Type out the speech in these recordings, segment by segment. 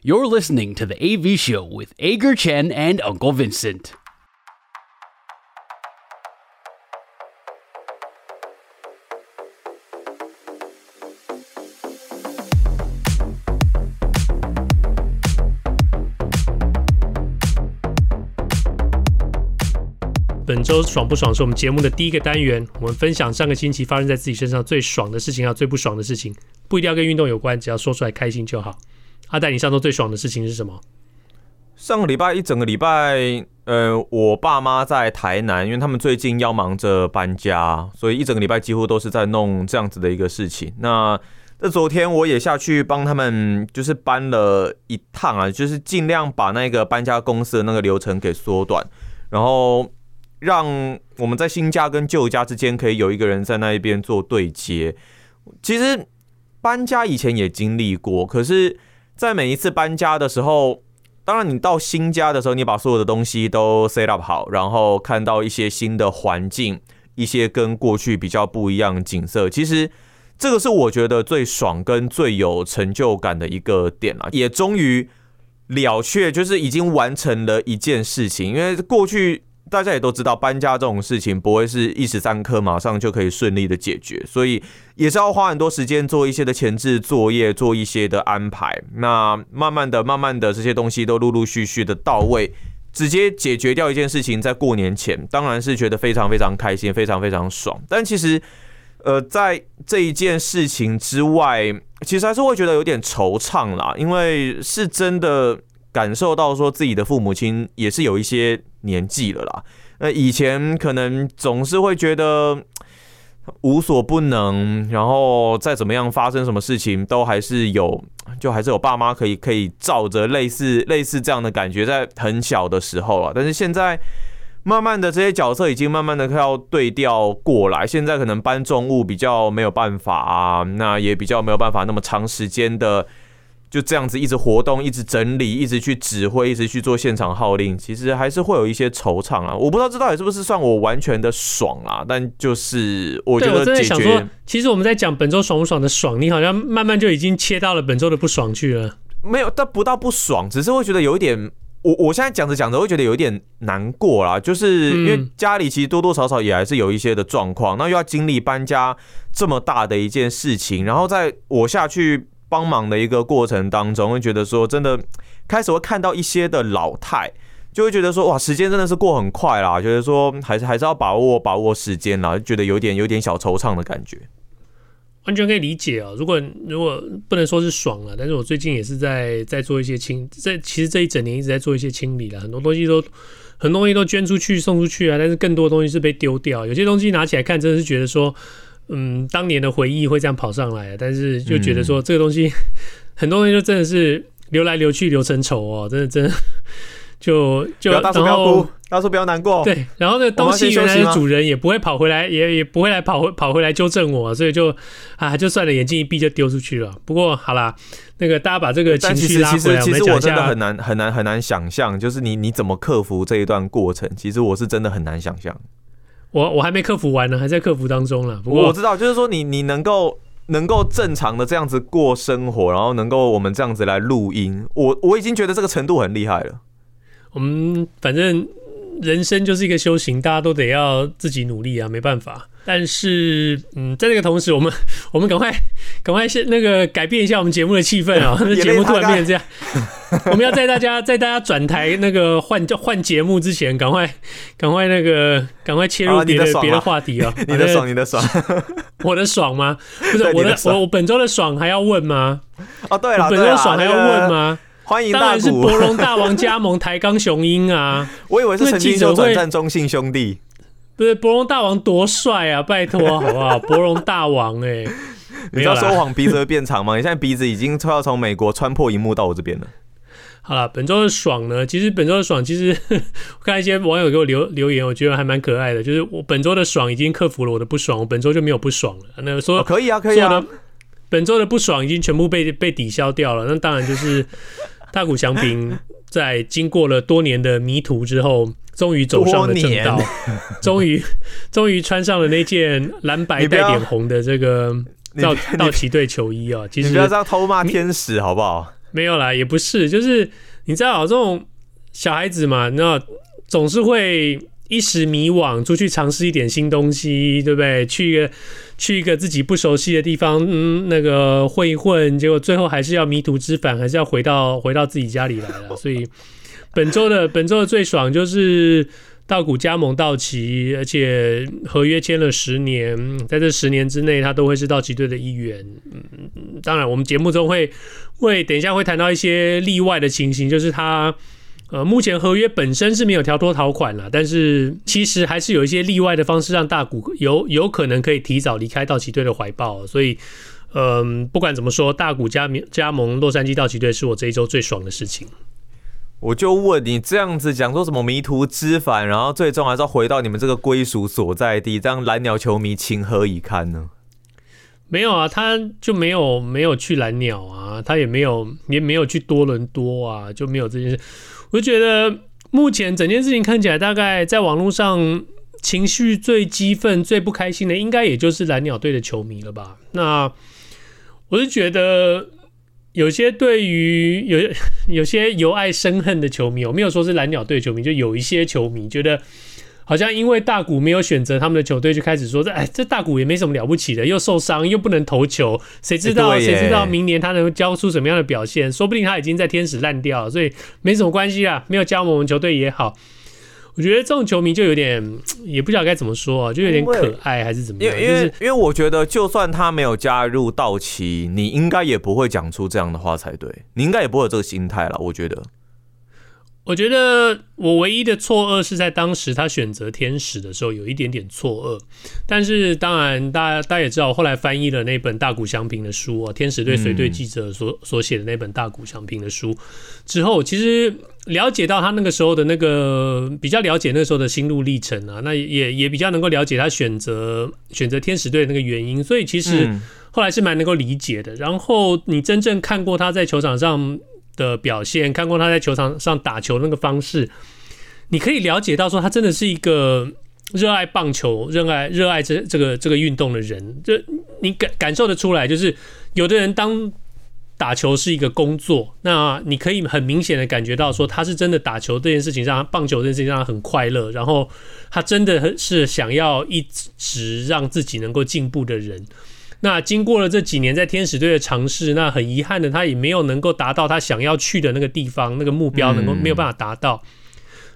You're listening to the AV Show with Ager Chen and Uncle Vincent. 本週爽不爽是我們節目的第一個單元，我們分享上個星期發生在自己身上最爽的事情，和最不爽的事情，不一定要跟運動有關，只要說出來開心就好。阿戴，你上周最爽的事情是什麼？上個禮拜一整個禮拜，呃，我爸媽在台南，因為他們最近要忙着搬家，所以一整個禮拜幾乎都是在弄這樣子的一個事情。那那昨天我也下去幫他們，就是搬了一趟啊，就是儘量把那個搬家公司的那個流程給縮短，然後讓我們在新家跟舊家之間可以有一個人在那一邊做對接。其實搬家以前也經歷過，可是在每一次搬家的時候，當然你到新家的時候，你把所有的東西都 set up 好，然後看到一些新的環境，一些跟過去比較不一樣的景色，其實這個是我覺得最爽跟最有成就感的一個點了，啊，也終於了卻，就是已經完成了一件事情，因為過去。大家也都知道，搬家這種事情不會是一時三刻馬上就可以順利的解決，所以也是要花很多時間做一些的前置作業，做一些的安排。那慢慢的、慢慢的，這些東西都陸陸續續的到位，直接解決掉一件事情，在過年前，當然是覺得非常非常開心，非常非常爽。但其實，呃，在這一件事情之外，其實還是會覺得有點惆悵啦，因為是真的。感受到說自己的父母親也是有一些年紀了啦，那以前可能總是會覺得無所不能，然後再怎麼樣發生什麼事情都還是有，就還是有爸媽可以可以照着類似類似這樣的感覺，在很小的時候了，但是現在慢慢的這些角色已經慢慢的要對調過來，現在可能搬重物比較沒有辦法啊，那也比較沒有辦法那麼長時間的。就這樣子一直活動，一直整理，一直去指揮，一直去做現場號令，其實還是會有一些惆悵啊！我不知道這到底是不是算我完全的爽啊？但就是我覺得對，我真的想說，其實我們在講本周爽不爽的爽，你好像慢慢就已經切到了本周的不爽去了。沒有，但不到不爽，只是會覺得有一點，我我現在講着講着會覺得有一點難過啦，就是因為家裡其實多多少少也還是有一些的狀況，那、嗯、又要經歷搬家這麼大的一件事情，然後在我下去。幫忙的一個過程當中，會覺得說真的，開始會看到一些的老態，就會覺得說哇，時間真的是過很快啦，覺得說還是還是要把握把握時間啦，就覺得有點有點小惆悵的感覺。完全可以理解啊、喔，如果如果不能說是爽了，但是我最近也是在在做一些清，這其實這一整年一直在做一些清理啦，很多東西都很多東西都捐出去送出去啊，但是更多東西是被丟掉，有些東西拿起來看，真的是覺得說。嗯，當年的回憶會這樣跑上來，但是就覺得說這個東西，嗯、很多東西就真的是留來留去留成愁哦、喔，真的真的就就不要大叔，不要哭，後大叔不要難過，對，然後個東西原來的主人也不會跑回來，也不來也，也不會來跑回跑回來糾正我，所以就啊，就算了，眼睛一閉就丟出去了。不過好啦，那個大家把這個情緒拉回來，其實我來其實，其實我真的很難很難很難想象，就是你你怎麼克服這一段過程，其實我是真的很難想象。我我還沒克服完呢啊，還在克服當中呢啊。我知道，就是說你你能夠能夠正常的這樣子過生活，然後能夠我們這樣子來錄音，我我已經覺得這個程度很厲害了。我們反正。人生就是一個修行，大家都得要自己努力啊，沒辦法。但是，嗯，在這個同時，我們我們趕快趕快先那個改變一下我們節目的氣氛啊、喔、嗯、 那節目突然變成這樣。 我們要在大家在大家轉台那個換換節目之前，趕快趕快那個趕快切入別的別、哦的，啊、的話題、喔、的啊，你的爽，你的爽， 我的爽嗎？不是我的，我我本周的爽還要問嗎？哦，對了，我本周的爽還要問嗎？哦歡迎大當然是柏融大王加盟台鋼雄鷹啊！ 我以為是曾經轉戰中信兄弟，不是柏融大王多帥啊！拜托，好不好？柏融大王哎，你知道說謊鼻子會變長嗎？ 你現在鼻子已經快要從美國穿破螢幕到我這邊了。好了，本周的爽呢？其實本周的爽，其實我看一些網友給我留，留言，我覺得還蠻可愛的。就是我本周的爽已經克服了我的不爽，本周就沒有不爽了。那說、哦、可以啊，可以啊，本周的不爽已經全部被被抵消掉了。那當然就是。 大谷翔平在經過了多年的迷途之後，終於走上了正道，終於終於穿上了那件藍白帶點紅的這個道道奇隊球衣哦、喔，其實你不要這樣偷罵天使，好不好？沒有啦，也不是，就是你知道喔，這種小孩子嘛，你知道總是會。一時迷惘，出去嘗試一點新東西，對不對？去一個去一個自己不熟悉的地方，嗯，那個混一混，結果最後還是要迷途知返，還是要回到回到自己家裡來了。所以本周的本周的最爽就是大谷加盟道奇，而且合約簽了十年，在這十年之內，他都會是道奇隊的一員。嗯嗯，當然我們節目中會會等一下會談到一些例外的情形，就是他。呃，目前合約本身是沒有跳脫條款啦、啊，但是其實還是有一些例外的方式讓大谷有有可能可以提早離開道奇隊的懷抱、啊。所以，嗯、呃，不管怎麼說，大谷加盟加盟洛杉磯道奇隊是我這一周最爽的事情。我就問你，這樣子講說什麼迷途知返，然後最終還是要回到你們這個歸屬所在地，讓藍鳥球迷情何以堪呢？沒有啊，他就沒有沒有去藍鳥啊，他也沒有也沒有去多倫多啊，就沒有這件事。我就覺得，目前整件事情看起來，大概在網絡上情緒最激憤、最不開心的，應該也就是藍鳥隊的球迷了吧？那我是覺得，有些對於有有些由愛生恨的球迷，我沒有說是藍鳥隊的球迷，就有一些球迷覺得。好像因為大谷沒有選擇他們的球隊，就開始說：“這哎，這大谷也沒什麼了不起的，又受傷又不能投球，誰知道、欸、誰知道明年他能交出什麼樣的表現？說不定他已經在天使爛掉了，所以沒什麼關係啊，沒有加盟我們球隊也好。”我覺得這種球迷就有點，也不知道該怎麼說啊，就有點可愛還是怎麼樣。因為、就是、因為、因為我覺得，就算他沒有加入道奇，你應該也不會講出這樣的話才對，你應該也不會有這個心態了，我覺得。我覺得我唯一的錯愕是在當時他選擇天使的時候有一點點錯愕，但是當然大家大家也知道，我後來翻譯了那本大谷翔平的書啊，天使隊隨隊記者所所寫的那本大谷翔平的書之後，其實了解到他那個時候的那個比較了解那時候的心路歷程啊，那也也比較能夠了解他選擇選擇天使隊的那個原因，所以其實後來是蠻能夠理解的。然後你真正看過他在球場上的表現，看過他在球場上打球的那個方式，你可以了解到說，他真的是一個熱愛棒球、熱愛熱愛這這個這個運動的人，這你感感受得出來。就是有的人當打球是一個工作，那你可以很明顯的感覺到說，他是真的打球這件事情讓他棒球這件事情讓他很快樂，然後他真的是想要一直讓自己能夠進步的人。那經過了這幾年在天使隊的嘗試，那很遺憾的，他也沒有能夠達到他想要去的那個地方，那個目標能夠、嗯、沒有辦法達到。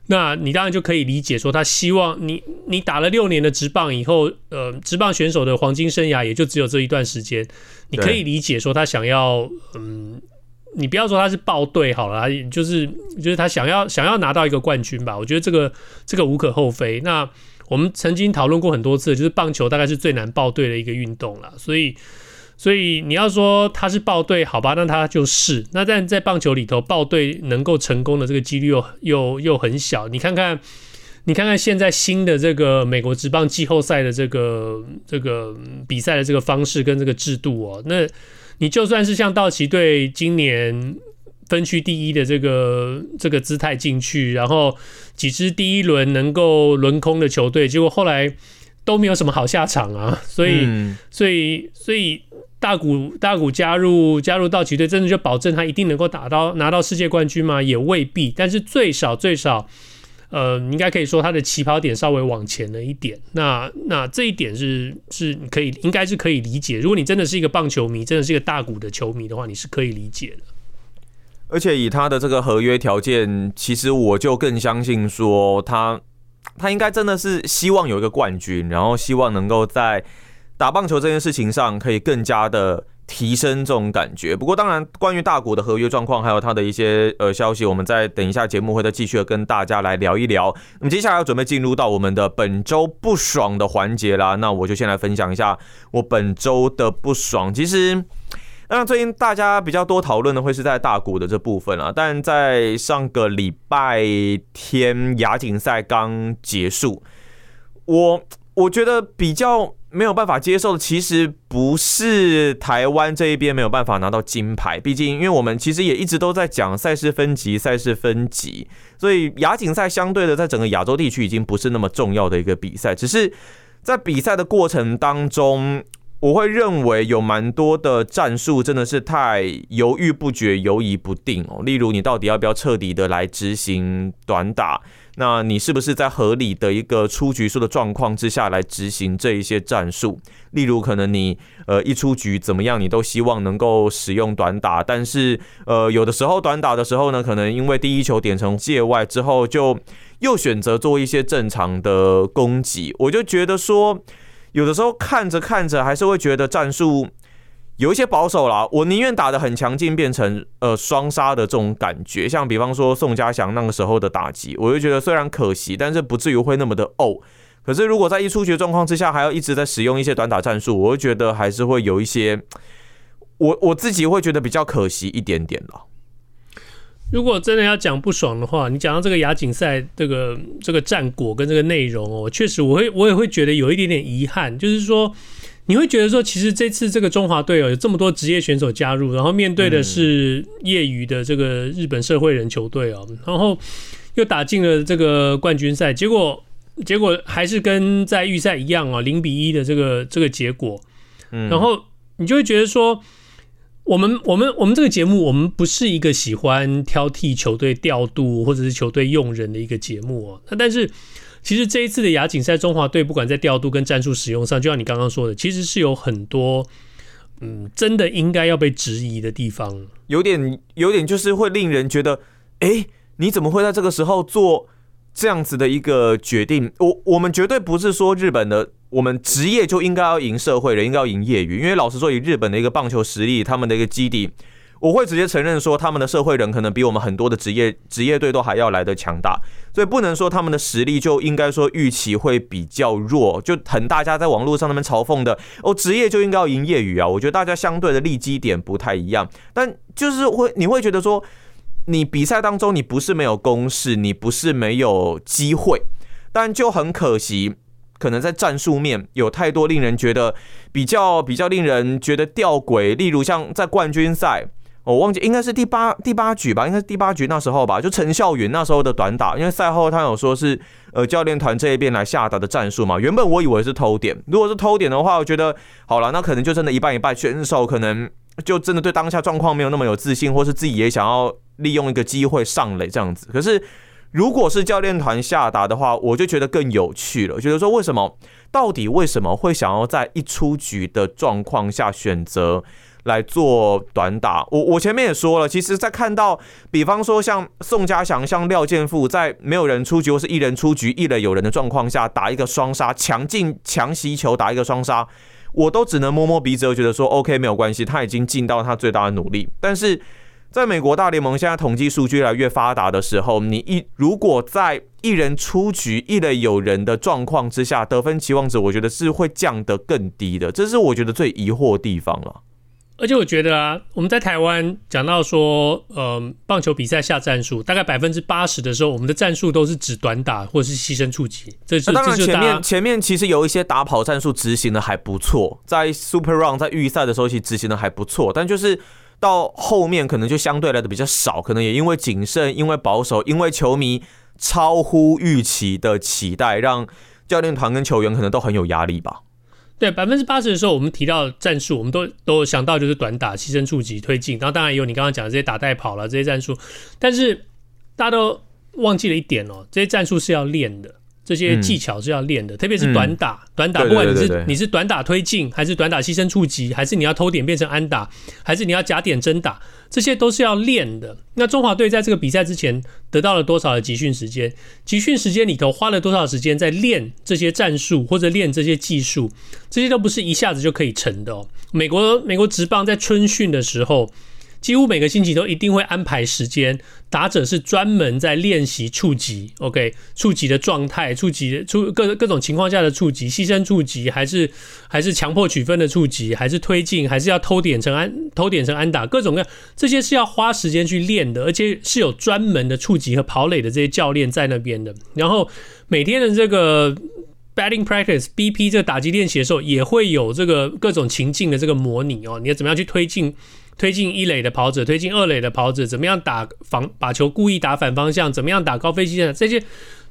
那你當然就可以理解說，他希望你你打了六年的職棒以後，呃，職棒選手的黃金生涯也就只有這一段時間。你可以理解說，他想要，對嗯，你不要說他是爆隊好了，就是就是他想要想要拿到一個冠軍吧。我覺得這個這個無可厚非。那。我們曾經討論過很多次，就是棒球大概是最難爆隊的一個運動了，所以，所以你要說他是爆隊，好吧，那他就是那，但在棒球裡頭爆隊能夠成功的這個幾率又又又很小。你看看，你看看現在新的這個美國職棒季後賽的這個這個比賽的這個方式跟這個制度哦，那你就算是像道奇隊今年，分區第一的這個這個姿態進去，然後幾支第一輪能夠輪空的球隊，結果後來都沒有什麼好下場啊。所以，嗯、所以，所以大谷大谷加入加入道奇隊，真的就保證他一定能夠打到拿到世界冠軍嗎？也未必。但是最少最少，呃，應該可以說他的起跑點稍微往前了一點。那那這一點是是可以應該是可以理解。如果你真的是一個棒球迷，真的是一個大谷的球迷的話，你是可以理解的。而且以他的這個合約條件，其實我就更相信說他，他應該真的是希望有一個冠軍，然後希望能夠在打棒球這件事情上可以更加的提升這種感覺。不過，當然關於大谷的合約狀況還有他的一些呃消息，我們再等一下節目會再繼續的跟大家來聊一聊。那麼接下來要準備進入到我們的本周不爽的環節啦，那我就先來分享一下我本周的不爽。其實。那、啊、最近大家比較多討論的會是在大谷的這部分啊，但在上個禮拜天亞錦賽剛結束，我我覺得比較沒有辦法接受的，其實不是台灣這一邊沒有辦法拿到金牌，畢竟因為我們其實也一直都在講賽事分級，賽事分級，所以亞錦賽相對的在整個亞洲地區已經不是那麼重要的一個比賽，只是在比賽的過程當中。我會認為有蠻多的戰術真的是太猶豫不決、猶疑不定哦、喔。例如，你到底要不要徹底的來執行短打？那你是不是在合理的一個出局數的狀況之下來執行這一些戰術？例如，可能你呃一出局怎麼樣，你都希望能夠使用短打，但是呃有的時候短打的時候呢，可能因為第一球點成界外之後，就又選擇做一些正常的攻擊。我就覺得說。有的時候看着看着，還是會覺得戰術有一些保守了。我寧願打得很強勁，變成呃雙殺的這種感覺。像比方說宋家祥那個時候的打擊，我就覺得雖然可惜，但是不至於會那麼的哦。可是如果在一出局狀況之下，還要一直在使用一些短打戰術，我就覺得還是會有一些，我我自己會覺得比較可惜一點點了。如果真的要講不爽的話，你講到這個亞錦賽這個這個戰果跟這個內容，哦，確實我會我也會覺得有一點點遺憾，就是說你會覺得說，其實這次這個中華隊哦，有這麼多職業選手加入，然後面對的是業餘的這個日本社會人球隊哦，嗯，然後又打進了這個冠軍賽，結果結果還是跟在預賽一樣哦，零比一的這個這個結果，嗯，然後你就會覺得說。我們我們我們這個節目，我們不是一個喜歡挑剔球隊調度或者是球隊用人的一個節目哦、啊。那但是，其實這一次的亞錦賽，中華隊不管在調度跟戰術使用上，就像你剛剛說的，其實是有很多，嗯，真的應該要被質疑的地方，有點有點就是會令人覺得，哎，你怎麼會在這個時候做這樣子的一個決定？我我們絕對不是說日本的。我們職業就應該要贏社會人，應該要贏業餘，因為老實說，以日本的一個棒球實力，他們的一個基底，我會直接承認說，他們的社會人可能比我們很多的職業職業隊都還要來得強大，所以不能說他們的實力就應該說預期會比較弱，就很大家在網絡上他們嘲諷的哦，職業就應該要贏業餘啊，我覺得大家相對的立基點不太一樣，但就是會你會覺得說，你比賽當中你不是沒有攻勢，你不是沒有機會，但就很可惜。可能在戰術面有太多令人覺得比較比較令人覺得吊詭，例如像在冠軍賽，我忘記應該是第八第八局吧，應該是第八局那時候吧，就陳孝云那時候的短打，因為賽後他有說是呃教練團這一邊來下達的戰術嘛，原本我以為是偷點，如果是偷點的話，我覺得好了，那可能就真的—一半一半，選手可能就真的對當下狀況沒有那麼有自信，或是自己也想要利用一個機會上壘這樣子，可是，如果是教練團下達的話，我就覺得更有趣了。我覺得說，為什麼到底為什麼會想要在一出局的狀況下選擇來做短打？我我前面也說了，其實，在看到比方說像宋家祥、像廖健富，在沒有人出局或是一人出局、一壘有人的狀況下，打一個雙殺、強勁、強襲球，打一個雙殺，我都只能摸摸鼻子，覺得說 OK，沒有關係，他已經盡到他最大的努力。但是在美國大聯盟現在統計數據越來越發達的時候，你一如果在一人出局、一壘有人的狀況之下，得分期望值，我覺得是會降得更低的。這是我覺得最疑惑的地方了。而且我覺得啊，我們在台灣講到說，嗯、呃，棒球比賽下戰術，大概百分之八十的時候，我們的戰術都是指短打或者是犧牲觸擊。這是、啊、當然前面家前面其實有一些打跑戰術執行的還不錯，在 Super Round 在預賽的時候，其實執行的還不錯，但就是。到後面可能就相對來的比較少，可能也因為謹慎，因為保守，因為球迷超乎預期的期待，讓教練團跟球員可能都很有壓力吧。對，百分之八十的時候，我們提到戰術，我們都都想到就是短打、犧牲觸擊推進，然後當然也有你剛剛講的這些打帶跑了這些戰術，但是大家都忘記了一點哦，這些戰術是要練的。這些技巧是要練的，嗯、特別是短打、嗯、短打，不管你是對對對對，你是短打推進，還是短打犧牲觸擊，還是你要偷點變成安打，還是你要假點真打，這些都是要練的。那中華隊在這個比賽之前得到了多少的集訓時間？集訓時間裡頭花了多少時間在練這些戰術或者練這些技術？這些都不是一下子就可以成的、喔。美國美國職棒在春訓的時候，幾乎每個星期都一定會安排時間打者是專門在練習觸擊 OK 觸擊的狀態，觸擊出各各,各種情況下的觸擊，犧牲觸擊，還是還是強迫取分的觸擊，還是推進，還是要偷點成安偷點成安打，各種各樣這些是要花時間去練的，而且是有專門的觸擊和跑壘的這些教練在那邊的。然後每天的這個 batting practice BP 這個打擊練習的時候，也會有這個各種情境的這個模擬哦，你要怎麼樣去推進？推進一壘的跑者，推進二壘的跑者，怎麼樣打防把球故意打反方向？怎麼樣打高飛機的這些。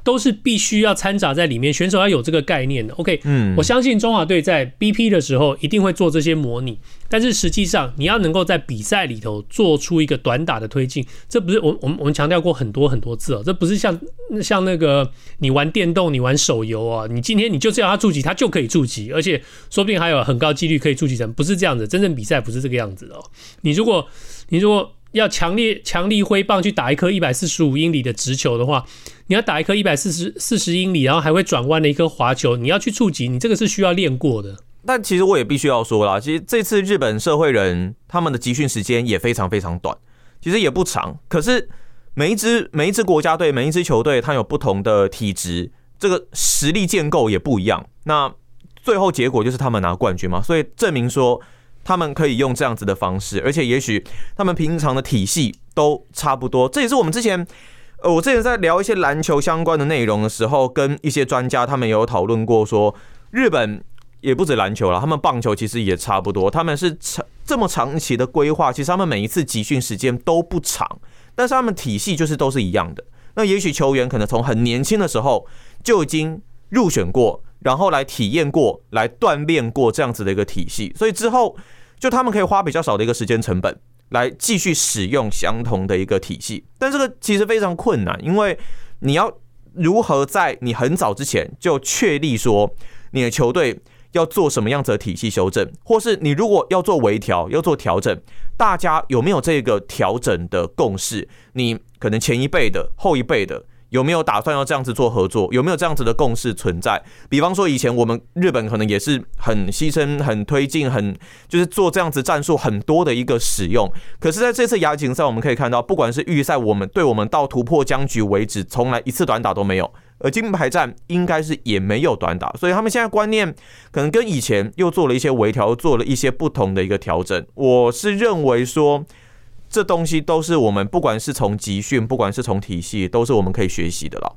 都是必須要摻雜在裡面，選手要有這個概念的。OK，嗯，我相信中華隊在 BP 的時候一定會做這些模擬，但是實際上你要能夠在比賽裡頭做出一個短打的推進，這不是我我們我們強調過很多很多次哦、喔，這不是像像那個你玩電動你玩手遊啊，你今天你就只要他觸擊他就可以觸擊，而且說不定還有很高幾率可以觸擊成，不是這樣子，真正比賽不是這個樣子哦、喔。你如果你如果要強烈、強力揮棒去打一顆一百四十五英里的直球的話，你要打一顆一百四十四十英里，然後還會轉彎的一顆滑球，你要去觸擊，你這個是需要練過的。但其實我也必須要說啦，其實這次日本社會人他們的集訓時間也非常非常短，其實也不長。可是每一支每一支國家隊、每一支球隊，它有不同的體質，這個實力建構也不一樣。那最後結果就是他們拿冠軍嘛，所以證明說，他們可以用這樣子的方式，而且也許他們平常的體系都差不多。這也是我們之前，呃，我之前在聊一些籃球相關的內容的時候，跟一些專家他們也有討論過說，說日本也不止籃球了，他們棒球其實也差不多。他們是長這麼長期的規劃，其實他們每一次集訓時間都不長，但是他們體系就是都是一樣的。那也許球員可能從很年輕的時候就已經入選過，然後來體驗過，來鍛鍊過這樣子的一個體系，所以之後就他們可以花比較少的一個時間成本來繼續使用相同的一個體系。但這個其實非常困難，因為你要如何在你很早之前就確立說你的球隊要做什麼樣子的體系修正，或是你如果要做微調、要做調整，大家有沒有這個調整的共識？你可能前一輩的、後一輩的。有沒有打算要這樣子做合作？有沒有這樣子的共識存在？比方說，以前我們日本可能也是很犧牲、很推進、很就是做這樣子戰術很多的一個使用。可是，在這次亞錦賽，我們可以看到，不管是預賽，我們對我們到突破僵局為止，從來一次短打都沒有；而金牌戰應該是也沒有短打。所以，他們現在觀念可能跟以前又做了一些微調，做了一些不同的一個調整。我是認為說。這東西都是我們不管是從集訓，不管是從體系，都是我們可以學習的了。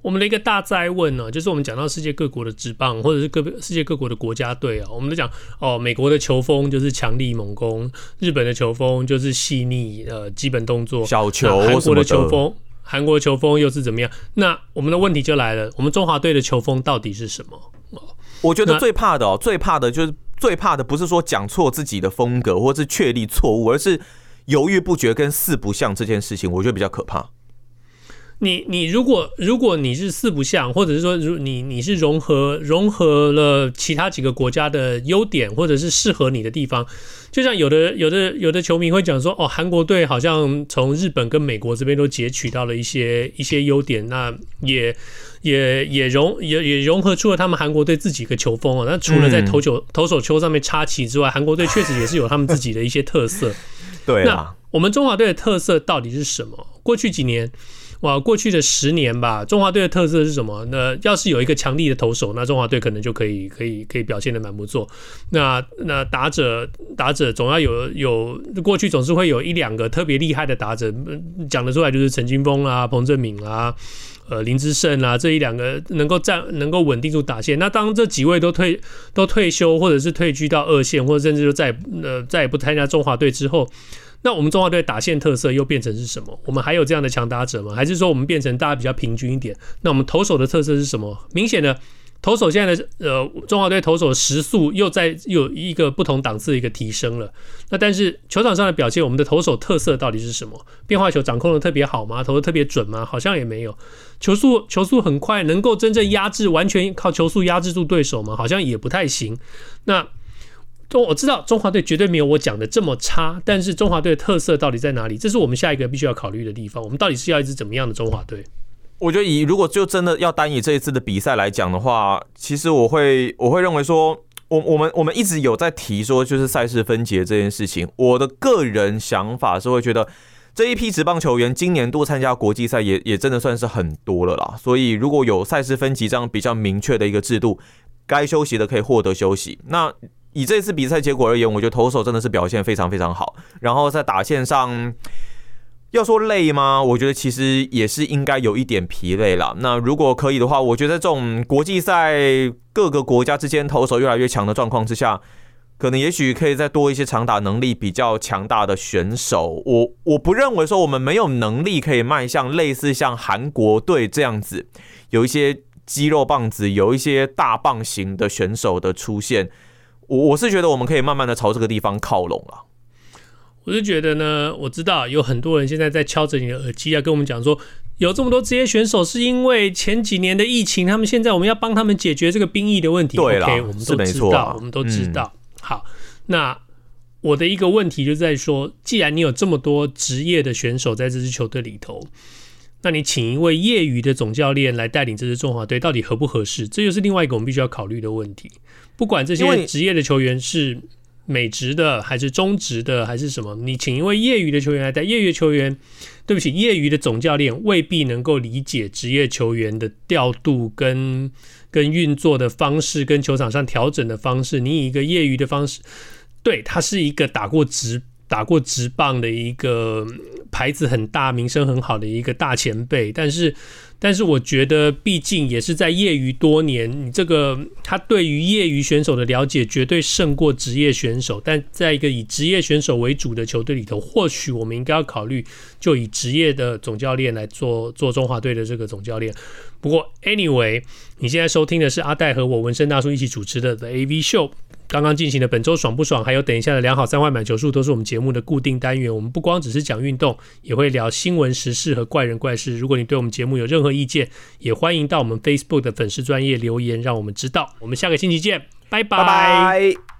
我們的一個大哉問呢，就是我們講到世界各國的職棒，或者是各世界各國的國家隊啊，我們都講哦，美國的球風就是強力猛攻，日本的球風就是細膩呃基本動作，小球韓國的球風，韓國球風又是怎麼樣？那我們的問題就來了，我們中華隊的球風到底是什麼？我覺得最怕的哦，最怕的就是最怕的不是說講錯自己的風格，或是確立錯誤，而是。猶豫不決跟四不像這件事情，我覺得比較可怕。你你你如果如果，你是四不像，或者是說如，你你是融合融合了其他幾個國家的優點，或者是適合你的地方，就像有的有的有的球迷會講說，哦，韓國隊好像從日本跟美國這邊都截取到了一些一些優點，那也也也融也也融合出了他們韓國隊自己的球風哦。那除了在投球投手球上面插旗之外，韓國隊確實也是有他們自己的一些特色。 對，那我們中華隊的特色到底是什麼？過去幾年，哇，過去的十年吧，中華隊的特色是什麼？那要是有一個強力的投手，那中華隊可能就可以可以可以表現得蠻不錯。那那打者打者總要有有，過去總是會有一兩個特別厲害的打者，講得出來就是陳金鋒啊、彭政閔啊。呃，林智勝啊，這一兩個能夠站，能夠穩定住打線。那當這幾位都退、都退休，或者是退居到二線，或者甚至就再也、呃，再也不參加中華隊之後，那我們中華隊打線特色又變成是什麼？我們還有這樣的強打者嗎？還是說我們變成大家比較平均一點？那我們投手的特色是什麼？明顯的。投手現在的呃，中華隊投手的時速又在有一個不同檔次的一個提升了。那但是球場上的表現，我們的投手特色到底是什麼？變化球掌控的特別好嗎？投的特別準嗎？好像也沒有。球速球速，很快，能夠真正壓制，完全靠球速壓制住對手嗎？好像也不太行。那中我知道中華隊絕對沒有我講的這麼差，但是中華隊的特色到底在哪裡？這是我們下一個必須要考慮的地方。我們到底是要一支怎麼樣的中華隊？我覺得以如果就真的要單以這一次的比賽來講的話，其實我會我會認為說，我我們我們一直有在提說，就是賽事分級這件事情。我的個人想法是會覺得，這一批職棒球員今年度參加國際賽也也真的算是很多了啦。所以如果有賽事分級這樣比較明確的一個制度，該休息的可以獲得休息。那以這次比賽結果而言，我覺得投手真的是表現非常非常好，然後在打線上。要說累嗎？我覺得其實也是應該有一點疲累了。那如果可以的話，我覺得在這種國際賽各個國家之間投手越來越強的狀況之下，可能也許可以再多一些長打能力比較強大的選手。我我不認為說我們沒有能力可以邁向類似像韓國隊這樣子，有一些肌肉棒子，有一些大棒型的選手的出現。我我是覺得我們可以慢慢的朝這個地方靠攏了。我是覺得呢，我知道有很多人現在在敲着你的耳機、啊，要跟我們講說，有這麼多職業選手是因為前幾年的疫情，他們現在我們要幫他們解決這個兵役的問題。對啦、OK，我們都知道，啊、我們都知道。嗯、好，那我的一個問題就是在說，既然你有這麼多職業的選手在這支球隊裡頭，那你請一位業餘的總教練來帶領這支中華隊，到底合不合適？這就是另外一個我們必須要考慮的問題。不管這些職業的球員是。美職的還是中職的還是什麼？你請一位業餘的球員來帶業餘的球員，對不起，業餘的總教練未必能夠理解職業球員的調度跟跟運作的方式，跟球場上調整的方式。你以一個業餘的方式，對，他是一個打過職。打過職棒的一個牌子很大、名聲很好的一個大前輩，但是，但是我覺得畢竟也是在業餘多年，你這個他對於業餘選手的了解絕對勝過職業選手，但在一個以職業選手為主的球隊裡頭，或許我們應該要考慮就以職業的總教練來做做中華隊的這個總教練。不過，anyway，你現在收聽的是阿戴和我文生大叔一起主持的 The AV Show。剛剛進行的本周爽不爽，還有等一下的兩好三壞滿球數，都是我們節目的固定單元。我們不光只是講運動，也會聊新聞時事和怪人怪事。如果你對我們節目有任何意見，也歡迎到我們 Facebook 的粉絲專頁留言，讓我們知道。我們下個星期見，拜拜。拜拜。